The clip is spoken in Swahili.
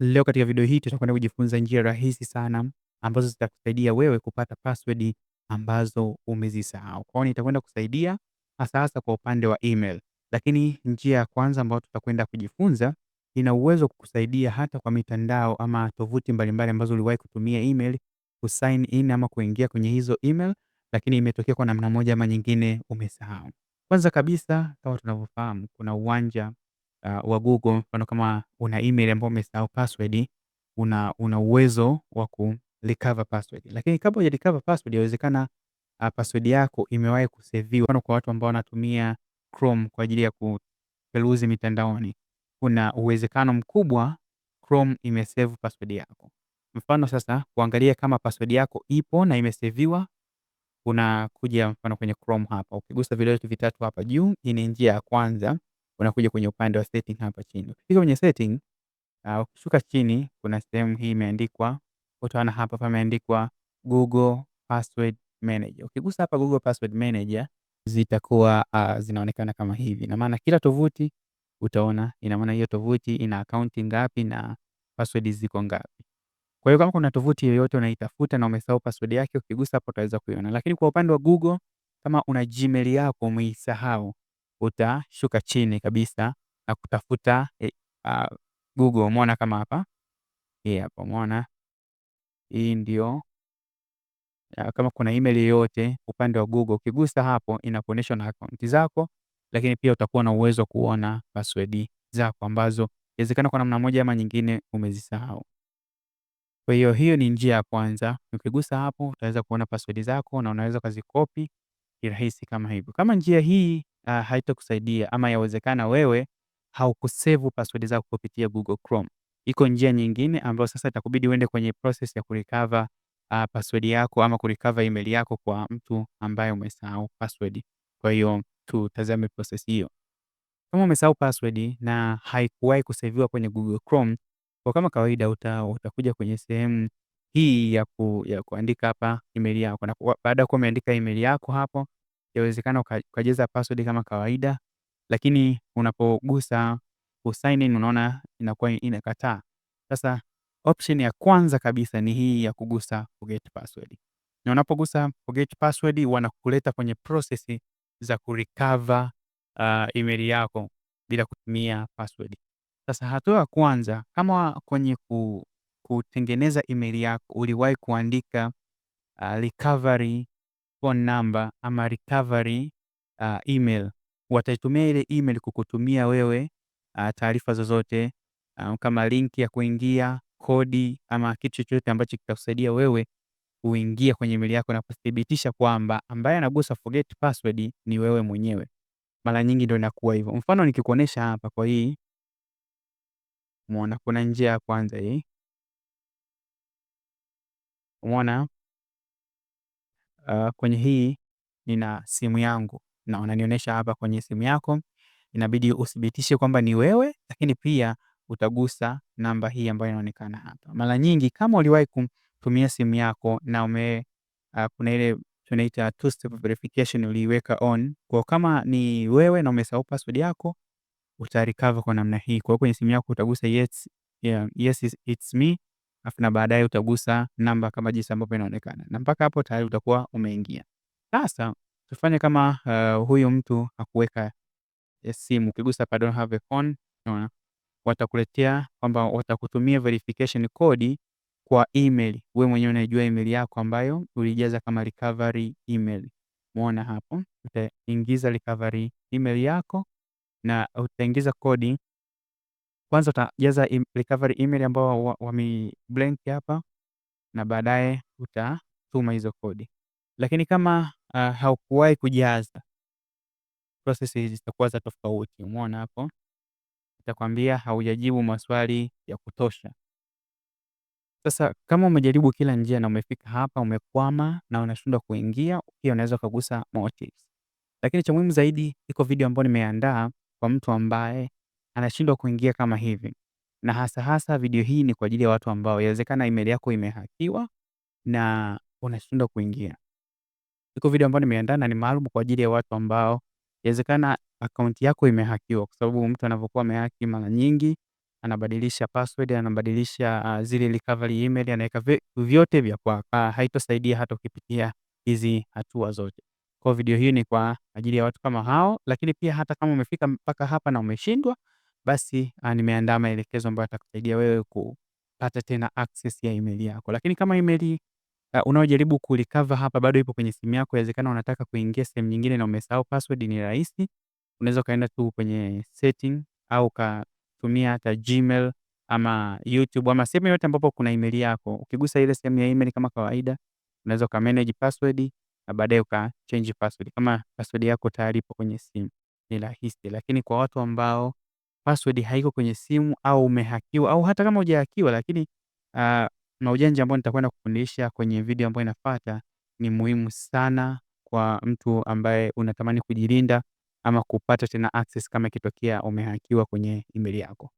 Leo katika video hii tutakwenda kujifunza njia rahisi sana ambazo zitakusaidia wewe kupata password ambazo umezisahau. Kwa hiyo nitakwenda kusaidia hasa hasa kwa upande wa email. Lakini njia ya kwanza ambayo tutakwenda kujifunza ina uwezo kukusaidia hata kwa mitandao ama tovuti mbalimbali ambazo uliwahi kutumia email, kusign in ama kuingia kwenye hizo email, lakini imetokea kwa namna moja ama nyingine umesahau. Kwanza kabisa, kama tunavyofahamu, kuna uwanja uh, wa Google, mfano kama una email ambayo umesahau password, una una uwezo wa ku recover password. Lakini kabla ya recover password, yawezekana uh, password yako imewahi kuseviwa. Mfano kwa watu ambao wanatumia Chrome kwa ajili ya kuperuzi mitandaoni, kuna uwezekano mkubwa Chrome imesave password yako. Mfano sasa, kuangalia kama password yako ipo na imeseviwa, unakuja mfano kwenye Chrome hapa, ukigusa vidole vitatu hapa juu, hii ni njia ya kwanza unakuja kwenye upande wa setting hapa chini. Ukifika kwenye setting, uh, ukishuka chini kuna sehemu hii imeandikwa, utaona hapa pameandikwa Google Password Manager. Ukigusa hapa Google Password Manager zitakuwa uh, zinaonekana kama hivi. Na maana kila tovuti utaona ina maana hiyo tovuti ina akaunti ngapi na password ziko ngapi. Kwa hiyo kama kuna tovuti yoyote unaitafuta na umesahau password yake, ukigusa hapo utaweza kuiona. Lakini kwa upande wa Google, kama una Gmail yako umeisahau utashuka chini kabisa na kutafuta eh, uh, Google. Umeona kama hapa hii hapa, umeona hii ndio kama kuna email yoyote upande wa Google ukigusa hapo inakuonyesha na akaunti zako, lakini pia utakuwa na uwezo kuona password zako ambazo inawezekana kwa namna moja ama nyingine umezisahau. Kwa hiyo hiyo ni njia ya kwanza. Ukigusa hapo utaweza kuona password zako na unaweza kuzikopi kirahisi kama hivyo. Kama njia hii uh, haitokusaidia ama yawezekana wewe haukusevu password zako kupitia Google Chrome. Iko njia nyingine ambayo sasa itakubidi uende kwenye process ya kurecover uh, password yako ama kurecover email yako kwa mtu ambaye umesahau password. Kwa hiyo tutazame process hiyo. Kama umesahau password na haikuwahi kuseviwa kwenye Google Chrome, kwa kama kawaida uta, utakuja kwenye sehemu hii ya, ku, ya kuandika hapa email yako, na baada ya kuwa umeandika email yako hapo yawezekana ukajaza password kama kawaida, lakini unapogusa ku in unaona inakuwa inakataa. Sasa option ya kwanza kabisa ni hii ya kugusa forget password, na unapogusa forget password wanakuleta kwenye process za kurecover uh, email yako bila kutumia password. Sasa hatua ya kwanza, kama kwenye ku, kutengeneza email yako uliwahi kuandika uh, recovery phone number ama recovery uh, email. Wataitumia ile email kukutumia wewe uh, taarifa zozote uh, kama linki ya kuingia, kodi ama kitu chochote ambacho kitakusaidia wewe kuingia kwenye email yako na kuthibitisha kwamba ambaye anagusa forget password ni wewe mwenyewe. Mara nyingi ndio inakuwa hivyo. Mfano nikikuonesha hapa kwa hii Umeona kuna njia ya kwanza hii. Umeona uh, kwenye hii nina simu yangu na unanionyesha hapa kwenye simu yako, inabidi uthibitishe kwamba ni wewe, lakini pia utagusa namba hii ambayo inaonekana hapa. Mara nyingi kama uliwahi kutumia simu yako na ume uh, kuna ile tunaita two step verification uliiweka on, kwa kama ni wewe na umesahau password yako utarecover kwa namna hii. Kwa hiyo kwenye simu yako utagusa yes, yeah, yes it's me afu na baadaye utagusa namba kama jinsi ambavyo inaonekana, na mpaka hapo tayari utakuwa umeingia. Sasa tufanye kama uh, huyu mtu hakuweka eh, simu. Ukigusa pa don't have a phone, unaona watakuletea kwamba watakutumia verification code kwa email. We mwenyewe unajua email yako ambayo ulijaza kama recovery email. Muona hapo, utaingiza recovery email yako na utaingiza kodi kwanza utajaza im, recovery email ambao wame wa hapa na baadaye utatuma hizo kodi. Lakini kama uh, haukuwahi kujaza, process hizi zitakuwa za tofauti. Umeona hapo, itakwambia haujajibu maswali ya kutosha. Sasa kama umejaribu kila njia na umefika hapa umekwama na unashindwa kuingia, pia unaweza ukagusa more tips. Lakini cha muhimu zaidi, iko video ambayo nimeandaa kwa mtu ambaye anashindwa kuingia kama hivi. Na hasa hasa video hii ni kwa ajili ya watu ambao inawezekana email yako imehakiwa na unashindwa kuingia. Iko video ambayo nimeandaa na ni maalum kwa ajili ya watu ambao inawezekana akaunti yako imehakiwa, kwa sababu mtu anapokuwa amehaki mara nyingi anabadilisha password, anabadilisha uh, zile recovery email, anaweka vyote vya kwa uh, haitosaidia hata ukipitia hizi hatua zote. Kwa video hii ni kwa ajili ya watu kama hao, lakini pia hata kama umefika mpaka hapa na umeshindwa basi ah, nimeandaa maelekezo ambayo atakusaidia wewe kupata tena access ya email yako. Lakini kama email uh, unaojaribu kulikava hapa bado ipo kwenye simu yako, inawezekana unataka kuingia sehemu nyingine na umesahau password, ni rahisi, unaweza ukaenda tu kwenye setting au ukatumia hata Gmail ama YouTube ama sehemu yote ambapo kuna email yako. Ukigusa ile sehemu ya email kama kawaida, unaweza uka manage password na baadaye uka change password kama password yako tayari ipo kwenye simu, ni rahisi. Lakini kwa watu ambao password haiko kwenye simu au umehakiwa au hata kama hujahakiwa, lakini uh, na ujanja ambao nitakwenda kufundisha kwenye video ambayo inafuata ni muhimu sana kwa mtu ambaye unatamani kujilinda ama kupata tena access kama ikitokea umehakiwa kwenye email yako.